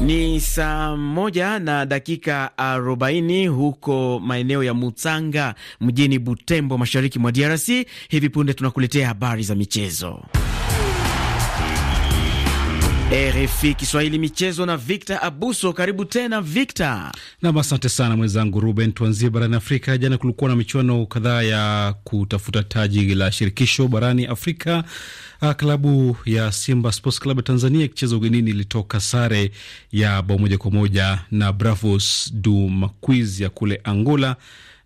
Ni saa moja na dakika arobaini huko maeneo ya Mutanga mjini Butembo, mashariki mwa DRC. Hivi punde tunakuletea habari za michezo. RFI Kiswahili michezo na Victor Abuso. Karibu tena Victor. Nam, asante sana mwenzangu Ruben. Tuanzie barani Afrika. Jana kulikuwa na michuano kadhaa ya kutafuta taji la shirikisho barani Afrika. Ah, klabu ya Simba Sports Club ya Tanzania ikicheza ugenini ilitoka sare ya bao moja kwa moja na Bravos du Makwiz ya kule Angola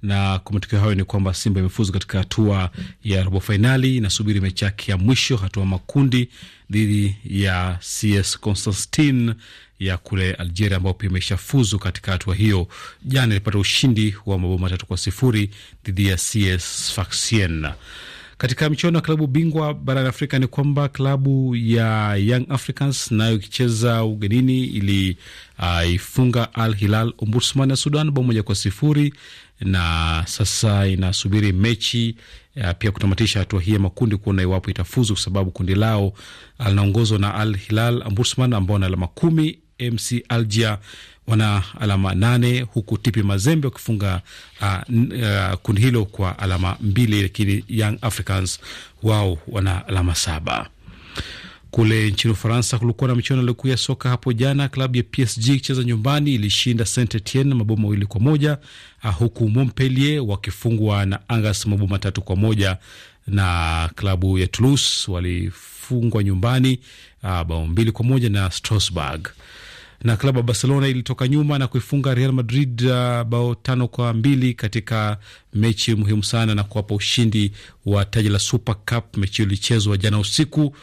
na kwa matokeo hayo ni kwamba Simba imefuzu katika hatua ya robo fainali, inasubiri mechi yake ya mwisho hatua makundi dhidi ya CS Constantin ya kule Algeria, ambayo pia imeshafuzu katika hatua hiyo. Jana ilipata ushindi wa mabao matatu kwa sifuri dhidi ya CS Sfaxien. Katika michuano ya klabu bingwa barani Afrika ni kwamba klabu ya Young Africans nayo ikicheza ugenini iliifunga ah, uh, Al Hilal Ombudsman ya Sudan bao moja kwa sifuri na sasa inasubiri mechi eh, pia kutamatisha hatua hii ya makundi kuona iwapo itafuzu, kwa sababu kundi lao ah, linaongozwa na Al Hilal Omdurman ambao na alama kumi, MC Alger wana alama nane huku Tipi Mazembe wakifunga uh, uh, kundi hilo kwa alama mbili, lakini Young Africans wao wana alama saba. Kule nchini Ufaransa kulikuwa na michuano iliokuu ya soka hapo jana. Klabu ya PSG ikicheza nyumbani ilishinda Saint Etienne mabao mawili kwa moja ah, huku Montpellier wakifungwa na Angers mabao matatu kwa moja na klabu ya Toulouse walifungwa nyumbani ah, bao mbili kwa moja na Strasbourg na klabu ya Barcelona ilitoka nyuma na kuifunga Real Madrid uh, bao tano kwa mbili katika mechi muhimu sana na kuwapa ushindi wa taji la Super Cup. Mechi hiyo ilichezwa jana usiku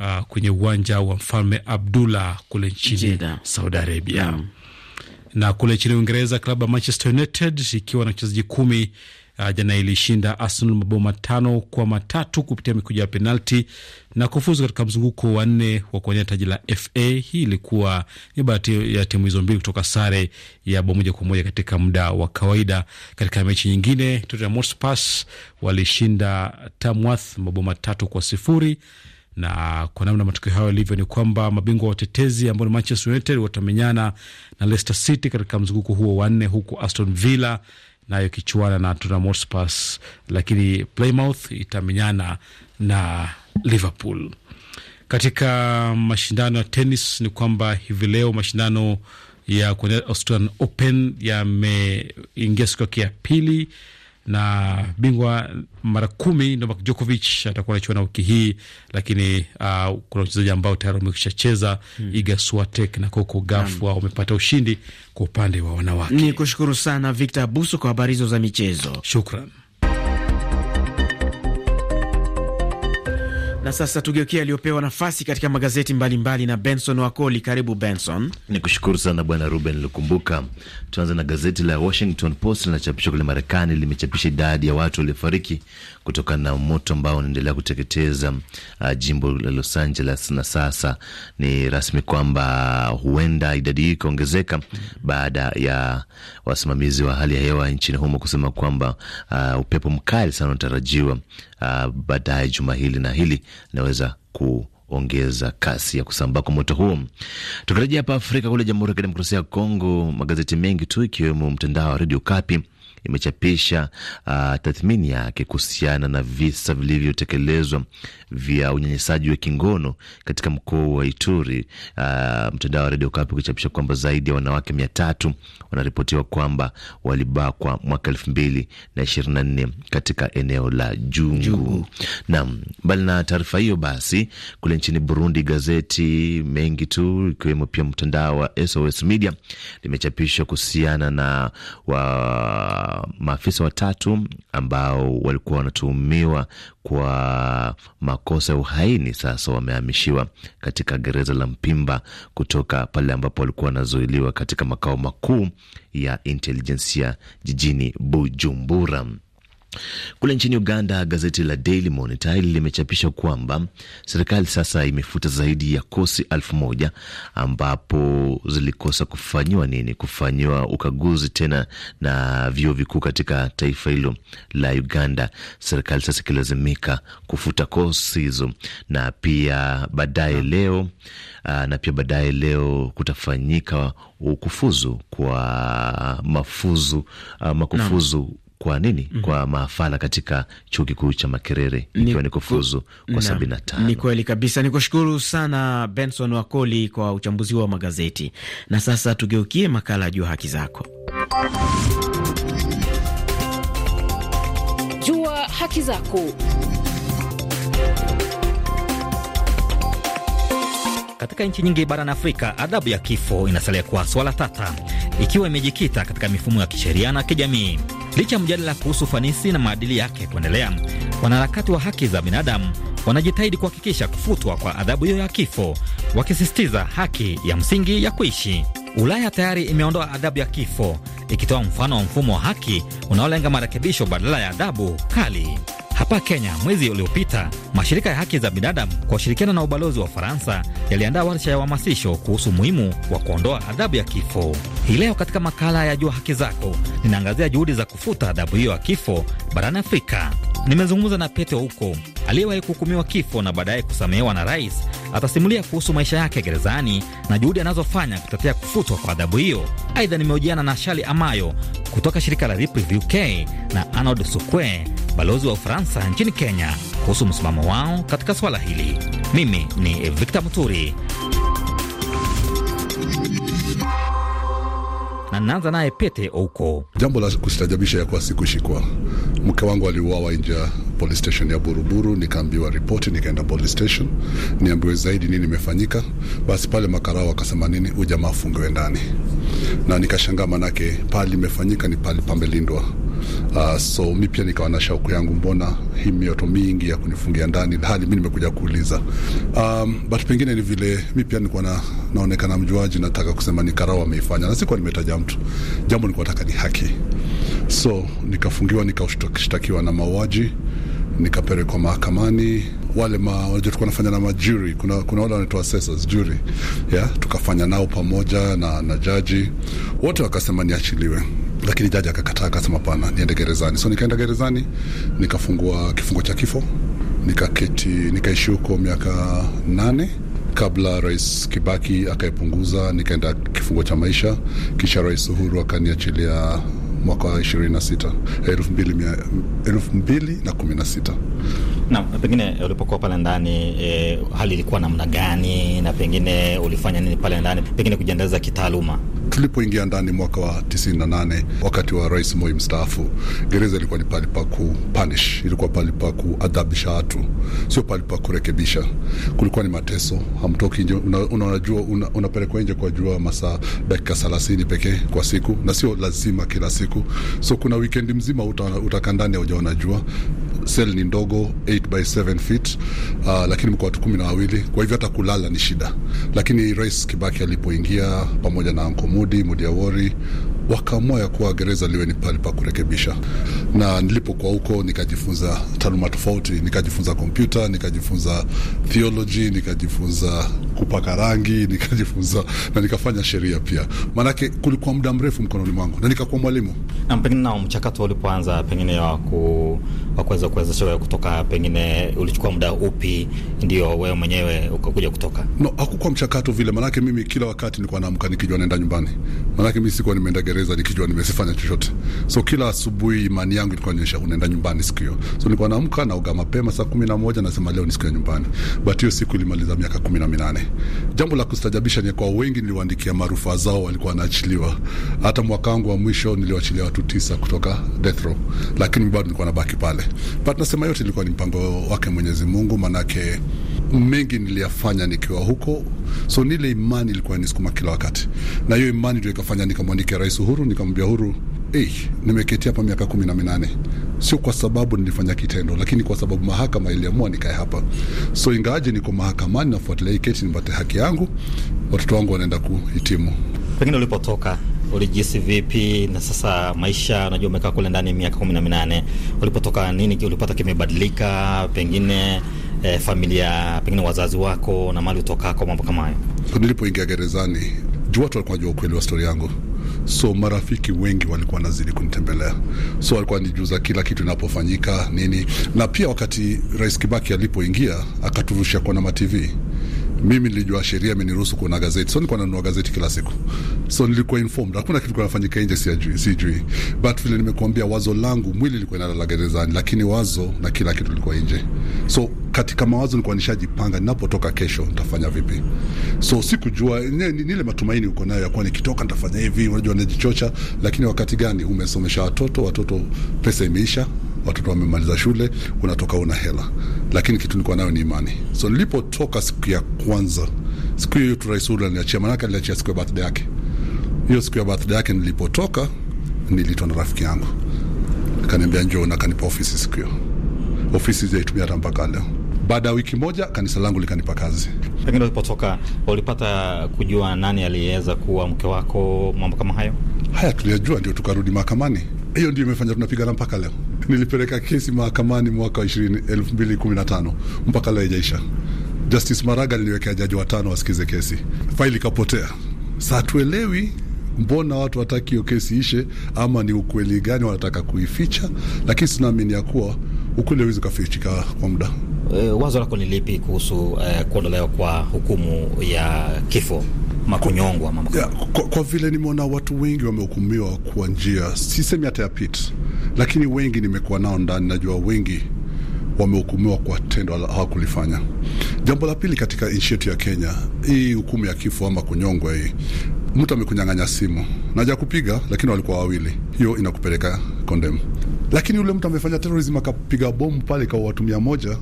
uh, kwenye uwanja wa Mfalme Abdullah kule nchini Jeda, Saudi Arabia mm. Na kule nchini Uingereza, klabu ya Manchester United ikiwa na wachezaji kumi uh, jana ilishinda Arsenal mabao matano kwa matatu kupitia mikuja ya penalti na kufuzu katika mzunguko wa nne wa kuwania taji la FA. Hii ilikuwa ni bahati ya timu hizo mbili kutoka sare ya bao moja kwa moja katika muda wa kawaida. Katika mechi nyingine, Tottenham Hotspur walishinda Tamworth mabao matatu kwa sifuri na kwa namna matokeo hayo yalivyo ni kwamba mabingwa watetezi ambao ni Manchester United watamenyana na Leicester City katika mzunguko huo wa nne, huku Aston Villa nayo ikichuana na Tottenham Hotspur, lakini Plymouth itamenyana na Liverpool. Katika mashindano ya tenis ni kwamba hivi leo mashindano ya Australian Open yameingia siku yake ya pili na bingwa mara kumi Novak Djokovic atakuwa anachuana wiki hii, lakini uh, kuna wachezaji ambao tayari wamekisha cheza hmm. Iga Swiatek na Coco Gauff wamepata ushindi kwa upande wa wanawake. Ni kushukuru sana Victor Busu kwa habari hizo za michezo, shukran. Na sasa tugeukia aliyopewa nafasi katika magazeti mbalimbali mbali na Benson Wakoli. Karibu Benson. Ni kushukuru sana bwana Ruben Lukumbuka. Tuanze na gazeti la Washington Post linachapishwa kule Marekani, limechapisha idadi ya watu waliofariki kutokana na moto ambao unaendelea kuteketeza uh, jimbo la Los Angeles, na sasa ni rasmi kwamba huenda idadi hii ikaongezeka baada ya wasimamizi wa hali ya hewa nchini humo kusema kwamba uh, upepo mkali sana unatarajiwa uh, baadaye juma hili na hili linaweza ku ongeza kasi ya kusambaa kwa moto huo. Tukirejea hapa Afrika, kule Jamhuri ya Kidemokrasia ya Kongo, magazeti mengi tu ikiwemo mtandao wa Radio Kapi imechapisha uh, tathmini yake kuhusiana na visa vilivyotekelezwa vya unyanyasaji wa kingono katika mkoa wa Ituri. Uh, mtandao wa Radio Kapi ukichapisha kwamba zaidi ya wanawake mia tatu wanaripotiwa kwamba walibakwa mwaka elfu mbili na ishirini na nne katika eneo la Jungu, Jungu. Naam, mbali na taarifa hiyo basi, kule nchini Burundi gazeti mengi tu ikiwemo pia mtandao wa SOS Media limechapishwa kuhusiana na wa maafisa watatu ambao walikuwa wanatuhumiwa kwa makosa ya uhaini sasa wamehamishiwa katika gereza la Mpimba kutoka pale ambapo walikuwa wanazuiliwa katika makao makuu ya intelijensia jijini Bujumbura. Kule nchini Uganda, gazeti la Daily Monitor limechapisha kwamba serikali sasa imefuta zaidi ya kosi elfu moja ambapo zilikosa kufanyiwa nini, kufanyiwa ukaguzi tena na vyuo vikuu katika taifa hilo la Uganda. Serikali sasa ikilazimika kufuta kosi hizo, na pia baadaye hmm. leo ah, na pia baadaye leo kutafanyika ukufuzu kwa mafuzu ah, makufuzu kwa nini mm -hmm. kwa maafala katika chuo kikuu cha Makerere ikiwa ni kufuzu kwa sabini na tano. Ni kweli kabisa. Ni kushukuru sana Benson Wakoli kwa uchambuzi wa magazeti, na sasa tugeukie makala Jua Haki Zako. Jua Haki Zako Katika nchi nyingi barani Afrika, adhabu ya kifo inasalia kuwa swala tata, ikiwa imejikita katika mifumo ya kisheria na kijamii. Licha ya mjadala kuhusu ufanisi na maadili yake kuendelea, wanaharakati wa haki za binadamu wanajitahidi kuhakikisha kufutwa kwa adhabu hiyo ya kifo, wakisisitiza haki ya msingi ya kuishi. Ulaya tayari imeondoa adhabu ya kifo, ikitoa mfano wa mfumo wa haki unaolenga marekebisho badala ya adhabu kali. Hapa Kenya mwezi uliopita, mashirika ya haki za binadamu kwa ushirikiana na ubalozi wa Ufaransa yaliandaa warsha ya uhamasisho kuhusu umuhimu wa kuondoa adhabu ya kifo. Hii leo katika makala ya Jua Haki Zako ninaangazia juhudi za kufuta adhabu hiyo ya kifo barani Afrika. Nimezungumza na Pete Ouko aliyewahi kuhukumiwa kifo na baadaye kusamehewa na rais. Atasimulia kuhusu maisha yake gerezani na juhudi anazofanya kutetea kufutwa kwa adhabu hiyo. Aidha, nimehojiana na Shali Amayo kutoka shirika la Reprieve UK na Arnold Sukwe balozi wa Ufaransa nchini Kenya kuhusu msimamo wao katika swala hili. Mimi ni Victor Muturi na naanza naye Pete Ouko. Jambo la kustajabisha ya kuwa sikushikwa, mke wangu aliuawa nje ya police station ya Buruburu. Nikaambiwa ripoti, nikaenda police station niambiwe zaidi nini imefanyika. Basi pale makarao wakasema nini, ujamaa afungiwe ndani, na nikashangaa, manake pale imefanyika ni pale pamelindwa Uh, so mi pia nikawa na shauku yangu, mbona hii mioto mingi ya kunifungia ndani hali mi nimekuja kuuliza. Um, but pengine ni vile mi pia nikuwa na, naonekana mjuaji, nataka kusema ni karau ameifanya, na sikuwa nimetaja mtu, jambo nikuwa nataka ni haki. So nikafungiwa, nikashtakiwa na mauaji, nikapelekwa mahakamani wale ma, unajua tulikuwa nafanya na majuri, kuna, kuna wale wanaitwa assessors jury yeah, tukafanya nao pamoja na, na jaji wote wakasema niachiliwe lakini jaji akakataa, akasema pana niende gerezani. So nikaenda gerezani, nikafungua kifungo cha kifo, nikaketi, nikaishi huko miaka nane kabla Rais Kibaki akaipunguza, nikaenda kifungo cha maisha, kisha Rais Uhuru akaniachilia mwaka wa sita eh, elfu mbili na kumi na sita. Na pengine ulipokuwa pale ndani e, hali ilikuwa namna gani na pengine ulifanya nini pale ndani, pengine kujiendeleza kitaaluma? Tulipoingia ndani mwaka wa 98 wakati wa Rais Moi mstaafu, gereza ilikuwa ni pahali pa kupanish, ilikuwa pahali pa kuadhabisha watu, sio pahali pa kurekebisha. Kulikuwa ni mateso, hamtoki nje, unajua una, unapelekwa nje kwa jua masaa dakika 30 pekee kwa siku, na sio lazima kila siku. So kuna wikendi mzima utakaa ndani, haujaona jua sel ni ndogo 8 by 7 feet, uh, lakini mko watu kumi na wawili, kwa hivyo hata kulala ni shida. Lakini Rais Kibaki alipoingia pamoja na Anko Mudi Mudi Awori wakaamua ya kuwa gereza liwe ni pale pa kurekebisha, na nilipokuwa huko nikajifunza taaluma tofauti, nikajifunza kompyuta, nikajifunza theology, nikajifunza kupaka rangi, nikajifunza na nikafanya sheria pia, maanake kulikuwa muda mrefu mkononi mwangu na nikakuwa mwalimu. Na pengine nao mchakato ulipoanza pengine wa kuweza kuwezesha wewe kutoka, pengine ulichukua muda upi ndio wewe mwenyewe ukakuja kutoka? No, hakukuwa mchakato vile, maanake mimi kila wakati nilikuwa naamka nikijua naenda nyumbani, maanake mimi sikuwa nimeenda gereza nikijua nimesifanya chochote. So kila asubuhi imani yangu ilikuwa inaonyesha unaenda nyumbani siku hiyo. So nilikuwa naamka naoga mapema saa kumi na moja nasema leo ni siku ya nyumbani, but hiyo siku ilimaliza miaka kumi na minane. Jambo la kustajabisha ni kwa wengi niliwaandikia marufaa zao walikuwa wanaachiliwa. Hata mwaka wangu wa mwisho niliwachilia watu tisa kutoka death row, lakini bado nilikuwa nabaki pale. But nasema yote ilikuwa ni mpango wake Mwenyezi Mungu, manake mengi niliyafanya nikiwa huko, so nile imani ilikuwa nisukuma kila wakati, na hiyo imani ndio ikafanya nikamwandikia Rais Uhuru, nikamwambia Uhuru, hey, eh, nimeketi hapa miaka kumi na minane sio kwa sababu nilifanya kitendo, lakini kwa sababu mahakama iliamua nikae hapa. So ingawaje niko mahakamani, nafuatilia hii kesi nipate haki yangu, watoto wangu wanaenda kuhitimu. Pengine ulipotoka ulijisi vipi? Na sasa maisha, unajua umekaa kule ndani miaka kumi na minane, ulipotoka nini ulipata kimebadilika? Pengine eh, familia, pengine wazazi wako na mali utokako, mambo kama hayo. Nilipoingia gerezani, juu watu walikuwa jua ukweli wa stori yangu so marafiki wengi walikuwa nazidi kunitembelea, so walikuwa nijuza kila kitu inapofanyika nini, na pia wakati Rais Kibaki alipoingia akaturushia kuona matv mimi nilijua sheria imeniruhusu kuona gazeti, so nilikuwa nanunua gazeti kila siku, so nilikuwa informed. Hakuna kitu kinafanyika nje, sijui sijui, but vile nimekuambia, wazo langu mwili ilikuwa inalala gerezani, lakini wazo na kila kitu ilikuwa nje. So katika mawazo nilikuwa nishajipanga, ninapotoka kesho nitafanya vipi. So sikujua nile matumaini uko nayo ya kuwa nikitoka nitafanya hivi, unajua najichocha, lakini wakati gani umesomesha watoto, watoto pesa imeisha watoto wamemaliza shule, unatoka una hela, lakini kitu nilikuwa nayo ni imani. So nilipotoka siku ya kwanza, siku hiyo tu rais Uhuru aliniachia, maanake aliniachia siku ya birthday yake. Hiyo siku ya birthday yake nilipotoka, niliitwa na rafiki yangu, akaniambia njoo, na akanipa ofisi siku hiyo. Ofisi zaitumia hata mpaka leo. Baada ya wiki moja kanisa langu likanipa kazi. Pengine ulipotoka ulipata kujua nani aliyeweza kuwa mke wako, mambo kama hayo? Haya tuliyajua, ndio tukarudi mahakamani. Hiyo ndio imefanya tunapigana mpaka leo nilipeleka kesi mahakamani mwaka wa elfu mbili kumi na tano mpaka leo haijaisha. Justice Maraga niliwekea jaji watano wasikize kesi, faili ikapotea. Saa tuelewi mbona watu wataki hiyo kesi ishe, ama ni ukweli gani wanataka kuificha? Lakini sinaamini ya kuwa ukweli hauwezi ukafichika kwa muda. Eh, wazo lako ni lipi kuhusu eh, kuondolewa kwa hukumu ya kifo makunyongwa? Kwa, kwa, kwa vile nimeona watu wengi wamehukumiwa kwa njia, sisemi hata ya pit lakini wengi nimekuwa nao ndani, najua wengi wamehukumiwa kwa tendo hawakulifanya. Jambo la pili, katika nchi yetu ya Kenya, hii hukumu ya kifo ama kunyongwa, hii mtu amekunyang'anya simu naja kupiga, lakini walikuwa wawili, hiyo inakupeleka kondem. Lakini yule mtu amefanya terorism, akapiga bomu pale kwa watu mia moja,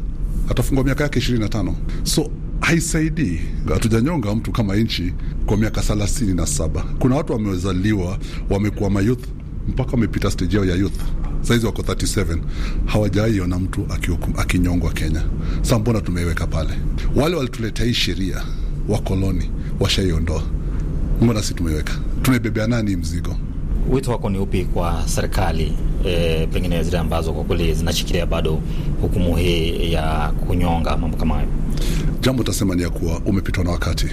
atafungwa miaka yake ishirini na tano. So haisaidii, hatujanyonga mtu kama nchi kwa miaka thelathini na saba. Kuna watu wamezaliwa wamekuwa mayouth mpaka wamepita stage yao ya youth saizi wako 37 ona mtu akinyongwa Kenya. Sa mbona tumeiweka pale? Wale walituletea hii sheria wakoloni washaiondoa, mbona si tumeiweka? Tumebebea nani mzigo? Wito wako ni upi kwa serikali e, pengine zile ambazo kwa kweli zinashikilia bado hukumu hii ya kunyonga, mambo kama hayo? Jambo utasema ni ya kuwa umepitwa na wakati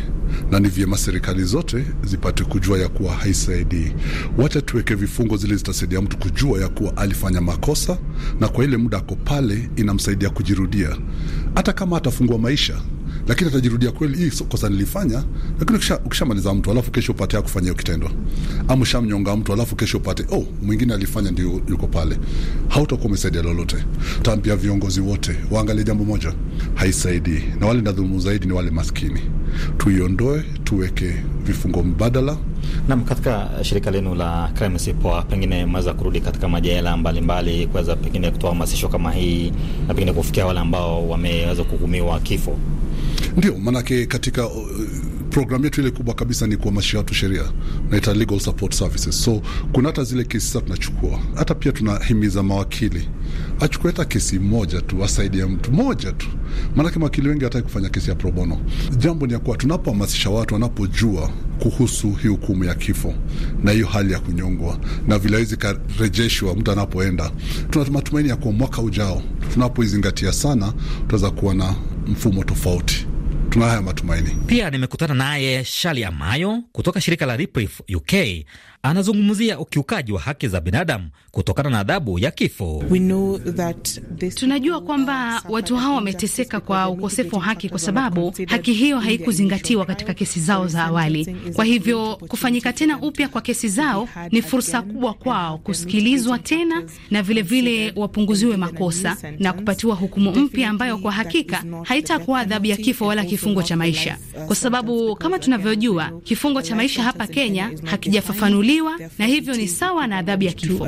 na ni vyema serikali zote zipate kujua ya kuwa haisaidii. Wacha tuweke vifungo zile zitasaidia mtu kujua ya kuwa alifanya makosa, na kwa ile muda ako pale inamsaidia kujirudia, hata kama atafungua maisha lakini atajirudia kweli, hii kosa nilifanya. Lakini ukishamaliza mtu alafu kesho upate akufanya hiyo kitendo, ama ushamnyonga mtu alafu kesho upate oh, mwingine alifanya ndio yuko pale, hautakuwa umesaidia lolote. Tampia viongozi wote waangalie jambo moja, haisaidii, na wale nadhumu zaidi ni wale maskini. Tuiondoe, tuweke vifungo mbadala. Nam, katika shirika lenu la Crimes pengine mnaweza kurudi katika majela mbalimbali kuweza pengine kutoa hamasisho kama hii na pengine kufikia wale ambao wameweza kuhukumiwa kifo. Ndio maanake katika uh, programu yetu ile kubwa kabisa ni kuhamasisha watu sheria, naita legal support services. So kuna hata zile kesi sasa tunachukua, hata pia tunahimiza mawakili achukue hata kesi moja tu, asaidia mtu moja tu, maanake mawakili wengi hataki kufanya kesi ya pro bono. Jambo ni ya kuwa tunapohamasisha watu, wanapojua kuhusu hii hukumu ya kifo na hiyo hali ya kunyongwa na vile hizi karejeshwa mtu anapoenda, tuna matumaini ya kuwa mwaka ujao tunapoizingatia sana, tutaweza kuwa na mfumo tofauti tuna matumaini. Pia nimekutana naye Shali Amayo kutoka shirika la Riprif UK anazungumzia ukiukaji wa haki za binadamu kutokana na adhabu ya kifo. Tunajua kwamba watu hao wameteseka kwa ukosefu wa haki, kwa sababu haki hiyo haikuzingatiwa katika kesi zao za awali. Kwa hivyo kufanyika tena upya kwa kesi zao ni fursa kubwa kwao kusikilizwa tena na vilevile vile wapunguziwe makosa na kupatiwa hukumu mpya ambayo kwa hakika haitakuwa adhabu ya kifo wala kifungo cha maisha, kwa sababu kama tunavyojua kifungo cha maisha hapa Kenya hakijafafanuliwa kuchukuliwa na hivyo ni sawa na adhabu ya kifo.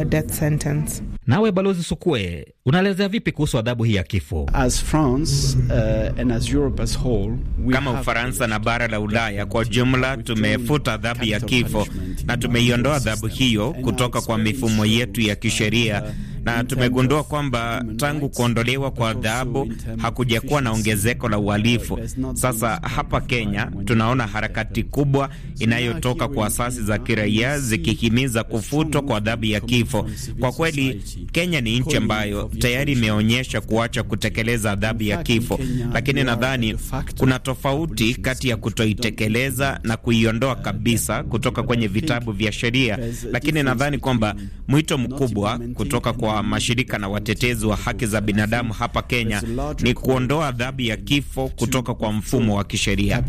Nawe Balozi Sukue, unaelezea vipi kuhusu adhabu hii ya kifo? As France, uh, and as Europe as whole, kama Ufaransa na bara la Ulaya kwa jumla tumefuta adhabu ya kifo na tumeiondoa adhabu hiyo kutoka kwa mifumo yetu ya kisheria na tumegundua kwamba tangu kuondolewa kwa adhabu hakujakuwa na ongezeko la uhalifu. Sasa hapa Kenya tunaona harakati kubwa inayotoka kwa asasi za kiraia zikihimiza kufutwa kwa adhabu ya kifo. Kwa kweli Kenya ni nchi ambayo tayari imeonyesha kuacha kutekeleza adhabu ya kifo, lakini nadhani kuna tofauti kati ya kutoitekeleza na kuiondoa uh, kabisa kutoka kwenye vitabu vya sheria. Lakini nadhani kwamba mwito mkubwa kutoka kwa mashirika na watetezi wa haki za binadamu hapa Kenya ni kuondoa adhabu ya kifo kutoka kwa mfumo wa kisheria.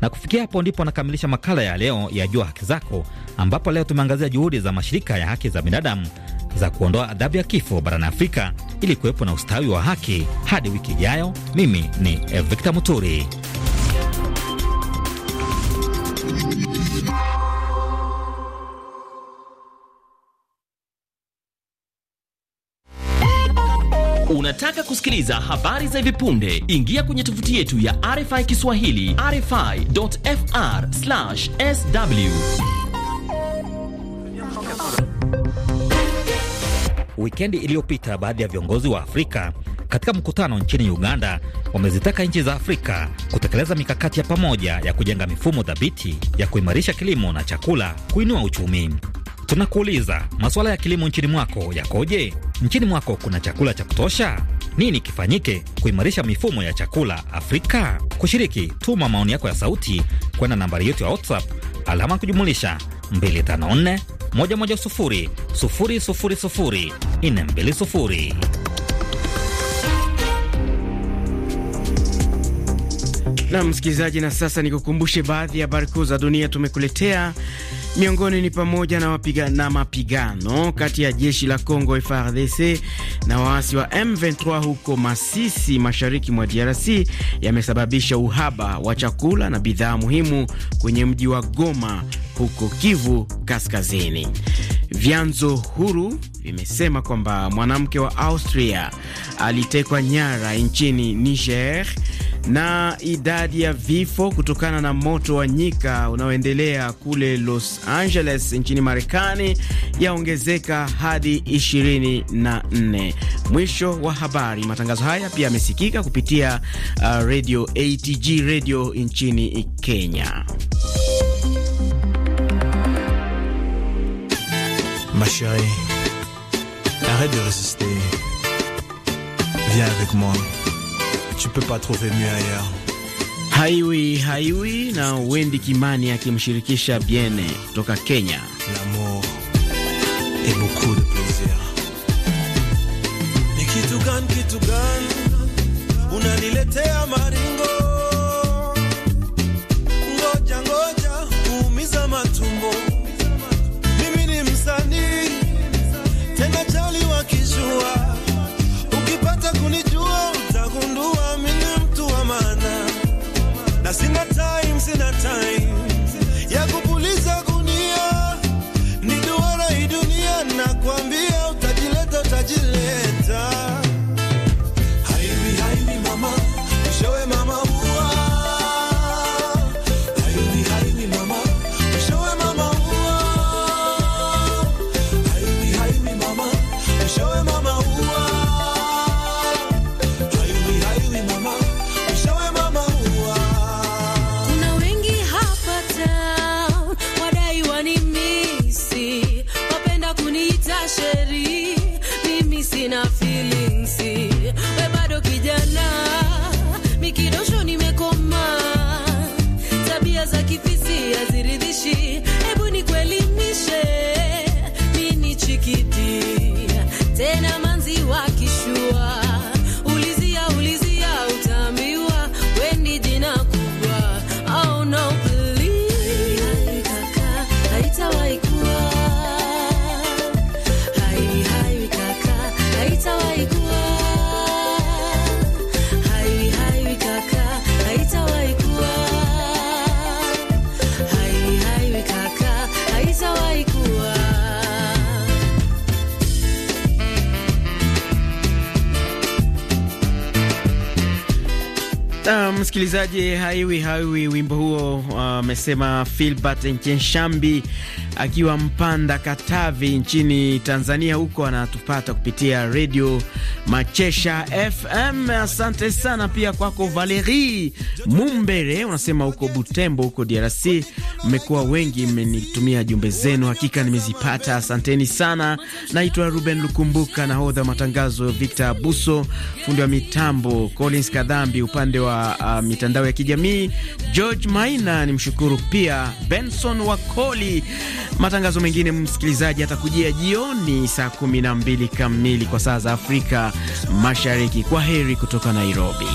Na kufikia hapo ndipo nakamilisha makala ya leo ya Jua Haki Zako, ambapo leo tumeangazia juhudi za mashirika ya haki za binadamu za kuondoa adhabu ya kifo barani Afrika ili kuwepo na ustawi wa haki. Hadi wiki ijayo, mimi ni Victor Muturi. Unataka kusikiliza habari za hivi punde? Ingia kwenye tovuti yetu ya RFI Kiswahili, rfi.fr/sw. Wikendi iliyopita baadhi ya viongozi wa Afrika katika mkutano nchini Uganda wamezitaka nchi za Afrika kutekeleza mikakati ya pamoja ya kujenga mifumo dhabiti ya kuimarisha kilimo na chakula, kuinua uchumi. Tunakuuliza, masuala ya kilimo nchini mwako yakoje? Nchini mwako kuna chakula cha kutosha? Nini kifanyike kuimarisha mifumo ya chakula Afrika? Kushiriki, tuma maoni yako ya sauti kwenda nambari yetu ya WhatsApp alama kujumulisha 254 moja moja sufuri sufuri sufuri sufuri 110 000 sufuri na msikilizaji, na sasa nikukumbushe baadhi ya habari kuu za dunia tumekuletea. Miongoni ni pamoja na, wapiga, na mapigano kati ya jeshi la Congo frdc na waasi wa M23 huko Masisi mashariki mwa DRC yamesababisha uhaba wa chakula na bidhaa muhimu kwenye mji wa Goma huko Kivu Kaskazini. Vyanzo huru vimesema kwamba mwanamke wa Austria alitekwa nyara nchini Niger na idadi ya vifo kutokana na moto wa nyika unaoendelea kule Los Angeles nchini Marekani yaongezeka hadi 24. Mwisho wa habari. Matangazo haya pia yamesikika kupitia uh, radio ATG radio nchini Kenya. Ma arrête de Viens avec moi tu peux pas trouver mieux ailleurs. Haiwi Haiwi na Wendy Kimani akimshirikisha Biene kutoka Kenya. L'amour et beaucoup de plaisir. Ni kitu gani kitu gani unaniletea maringo Na msikilizaji, haiwi haiwi wimbo huo uh, amesema uh, Philbert Nchenshambi akiwa Mpanda Katavi nchini Tanzania, huko anatupata kupitia redio Machesha FM. Asante sana pia kwako valeri Mumbere, unasema huko Butembo huko DRC. Mmekuwa wengi mmenitumia jumbe zenu, hakika nimezipata, asanteni sana. Naitwa Ruben Lukumbuka, nahodha matangazo Victor Abuso, fundi wa mitambo Collins Kadhambi, upande wa uh, mitandao ya kijamii George Maina. ni mshukuru pia Benson Wakoli. Matangazo mengine msikilizaji atakujia jioni saa mbili kamili kwa saa za Afrika Mashariki. Kwa heri kutoka Nairobi.